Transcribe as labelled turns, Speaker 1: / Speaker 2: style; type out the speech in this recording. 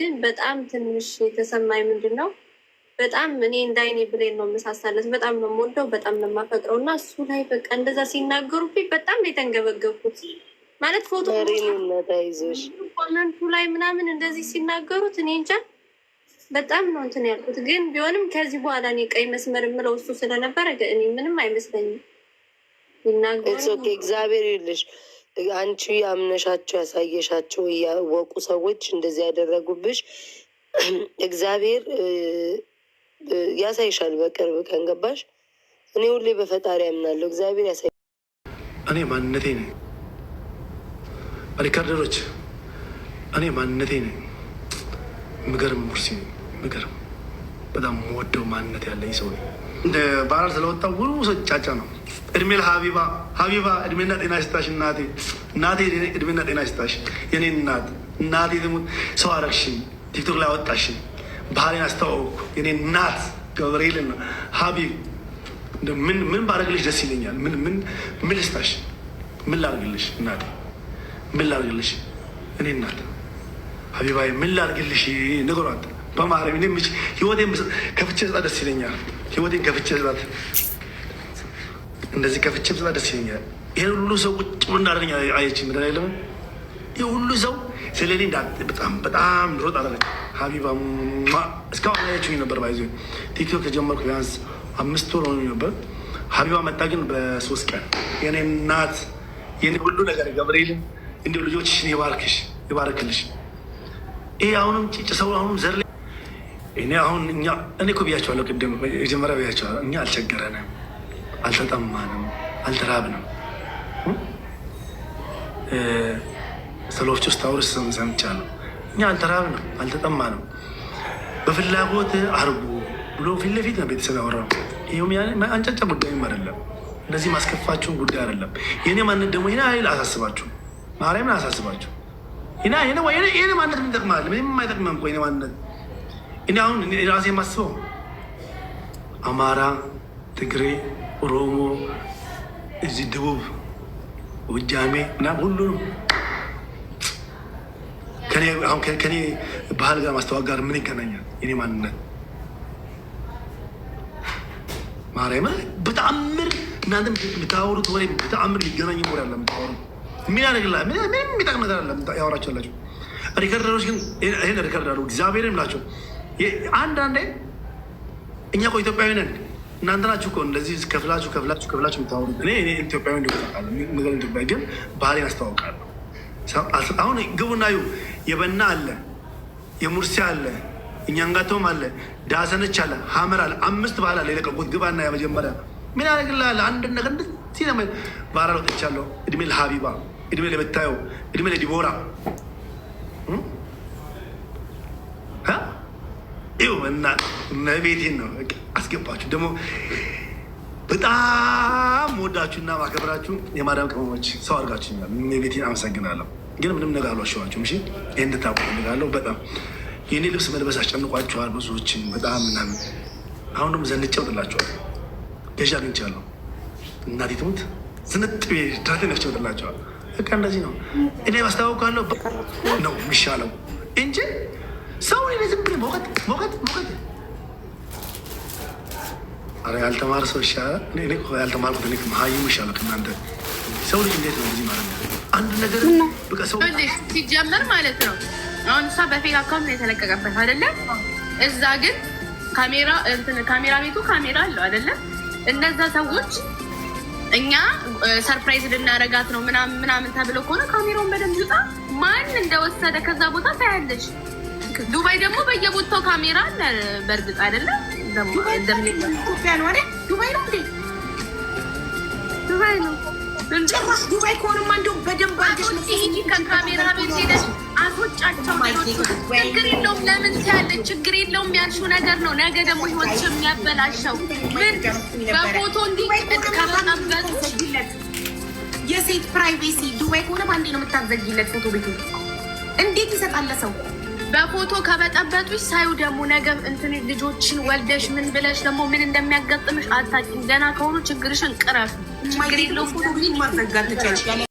Speaker 1: ግን በጣም ትንሽ የተሰማኝ ምንድን ነው በጣም እኔ እንዳይኔ ብሌን ነው የምሳሳለት። በጣም ነው የምወደው፣ በጣም ነው የማፈቅረው እና እሱ ላይ በቃ እንደዛ ሲናገሩብኝ በጣም ነው የተንገበገብኩት። ማለት ፎቶ ኮመንቱ ላይ ምናምን እንደዚህ ሲናገሩት እኔ እንጃ በጣም ነው እንትን ያልኩት። ግን ቢሆንም ከዚህ በኋላ እኔ ቀይ መስመር የምለው እሱ ስለነበረ እኔ ምንም አይመስለኝም ይናገሩ
Speaker 2: እግዚአብሔር ይልሽ አንቺ አምነሻቸው ያሳየሻቸው እያወቁ ሰዎች እንደዚህ ያደረጉብሽ እግዚአብሔር ያሳይሻል በቅርብ ቀን። ገባሽ? እኔ ሁሌ በፈጣሪ ያምናለሁ። እግዚአብሔር ያሳይ
Speaker 3: እኔ ማንነቴ ነኝ። ሪካርደሮች እኔ ማንነቴ ነኝ። ምገርም ሙርሲ ምገርም በጣም ወደው ማንነት ያለኝ ሰው ነኝ። እንደ ባህል ስለወጣው ውሉ ጫጫ ነው። እድሜ ለሀቢባ ሀቢባ እድሜና ጤና ይስጣሽ እናቴ፣ እናቴ እድሜና ጤና ይስጣሽ የኔ እናት፣ እናቴ ትሙት። ሰው አረግሽኝ፣ ቲክቶክ ላይ አወጣሽኝ፣ ባህሌን አስተዋወቅኩ። የኔ እናት ገብርኤልን ሀቢብ ምን ምን ባደርግልሽ ደስ ይለኛል? ምን ምን ምን ልስጣሽ? ምን ላድርግልሽ እናቴ? ምን ላድርግልሽ እኔ እናት ሀቢባዬ? ምን ላድርግልሽ ንገሯት። በማርያም እኔ ምች ህይወቴን ከፍቼ ስጣ ደስ ይለኛል። ህይወቴን ከፍቼ ስጣት እንደዚህ ከፍቼ ስጣ ደስ ይለኛል። ይህን ሁሉ ሰው ቁጭ ብሎ እንዳደረኝ አየች ምድር የለም። ይህ ሁሉ ሰው ስለ እኔ በጣም በጣም ድሮ አደረግ ሀቢባ እስካሁን አያችሁኝ ነበር። ባይዞ ቲክቶክ ከጀመርኩ ቢያንስ አምስት ወር ሆኖ ነበር። ሀቢባ መጣ ግን በሶስት ቀን የኔ እናት የኔ ሁሉ ነገር ገብርኤልን እንዲሁ ልጆችሽን ይባርክሽ ይባርክልሽ። ይሄ አሁንም ጭጭ ሰው አሁንም ዘር እኔ አሁን እኛ እኔ እኮ ብያቸዋለሁ፣ ቅድም የጀመረ ብያቸዋለሁ። እኛ አልቸገረንም፣ አልተጠማንም፣ አልተራብንም። ሰሎች ውስጥ ወፍጮ ሰምቻ ነው። እኛ አልተራብንም፣ አልተጠማንም። በፍላጎት አርጉ ብሎ ፊት ለፊት ነው ቤተሰብ ያወራ። ይሁም አንጫጫ ጉዳይም አይደለም፣ እንደዚህ ማስከፋችሁን ጉዳይ አይደለም። የእኔ ማነት ደግሞ ይህን አይል አሳስባችሁ፣ ማርያምን አሳስባችሁ ይህን ማነት ምን ይጠቅማል? ምንም አይጠቅመም እኮ የእኔ ማነት እኔ አሁን ራሴ የማስበው አማራ፣ ትግሬ፣ ኦሮሞ፣ እዚህ ደቡብ፣ ጎጃሜ ምናምን ሁሉንም ከኔ ባህል ጋር ማስተዋወቅ ጋር ምን ይገናኛል? እኔ ማንነት ማርያም በተአምር እናንተ የምታወሩት ወሬ በተአምር ሊገናኝ ወሬ አለ የምታወሩት ምን ያደግላ ምንም የሚጠቅም ነገር አለ ያወራቸዋላቸው ሪከርደሮች ግን ይህን ሪከርድ አሉ እግዚአብሔር ምላቸው አንዳንዴ እኛ እኮ ኢትዮጵያዊ ነን። እናንተ ናችሁ እኮ እንደዚህ ከፍላችሁ ከፍላችሁ ከፍላችሁ የምታወሩ። እኔ ኢትዮጵያዊ እንደሆነ ኢትዮጵያ ግን ባህሌን አስተዋውቃለሁ። አሁን ግቡና ዩ የበና አለ፣ የሙርሲ አለ፣ እኛንጋቶም አለ፣ ዳሰነች አለ፣ ሀመር አለ፣ አምስት ባህል አለ የለቀቁት። ግባና የመጀመሪያ ምን ያደርግልሃል? አንድ ነገር እንደዚህ ባህል አውጥቻለሁ። እድሜ ለሀቢባ፣ እድሜ ለበታዮ፣ እድሜ ለዲቦራ እና እመቤቴን ነው አስገባችሁ። ደግሞ በጣም ወዳችሁና ማከብራችሁ የማዳም ቅመሞች ሰው አድርጋችሁኛል። እመቤቴን አመሰግናለሁ። ግን ምንም ነገር አልዋሸኋችሁም። እሺ ይህ እፈልጋለሁ። በጣም የእኔ ልብስ መልበስ አስጨንቋችኋል ብዙዎችን በጣም ምናምን። አሁን ደግሞ ዘንጬ እወጥላችኋለሁ። ገዢ አግኝቻለሁ። እናቴ ትሙት ዝንጥ ድራቴ ነፍቼ እወጥላችኋለሁ። በቃ እንደዚህ ነው። እኔ ማስታወቅ ነው የሚሻለው እንጂ ሰው እኔ ዝም ብለህ መውቀጥ መውቀጥ መውቀጥ። ኧረ ያልተማረ ሰው ይሻላል። እኔ ያልተማርኩት እኔ መሀይም ይሻላል ከእናንተ። ሰው ልጅ እንዴት ነው እንደዚህ ማለት ነው? አንድ ነገር በቃ ሰው
Speaker 1: ሲጀምር ማለት ነው። አሁን እሷ በፌክ አካውንት ነው የተለቀቀበት አይደለም። እዛ ግን ካሜራ ካሜራ ቤቱ ካሜራ አለው አይደለም። እነዛ ሰዎች እኛ ሰርፕራይዝ ልናረጋት ነው ምናምን ምናምን ተብሎ ከሆነ ካሜራውን በደንብ ይውጣ። ማን እንደወሰደ ከዛ ቦታ ታያለች። ዱባይ ደግሞ በየቦታው ካሜራ አለ። በእርግጥ አይደለም ደግሞ ነው
Speaker 4: አይደል? ዱባይ ነው እንዴ? ዱባይ ነው ጭራሽ። ዱባይ ከሆነማ እንደው በደንብ
Speaker 1: ከካሜራ ቤት ሄደሽ አቶጫቸው ችግር የለውም። ለምን ትያለሽ? ችግር የለውም ያልሽው ነገር ነው። ነገ ደግሞ ህይወትሽ የሚያበላሸው ምን በፎቶ እንዲህ ከመጠበቅ የሴት ፕራይቬሲ ዱባይ ከሆነ በአንዴ ነው የምታዘጊለት ፎቶ ቤት እንዴት ይሰጣል ለሰው በፎቶ ከበጠበጡሽ ሳዩ ደግሞ ነገ እንትን ልጆችን ወልደሽ ምን ብለሽ ደግሞ ምን እንደሚያጋጥምሽ አታውቂም። ገና ከሆኑ ችግርሽን ቅረፍ። ችግር የለውም። ፎቶ ማዘጋት ትችላለሽ።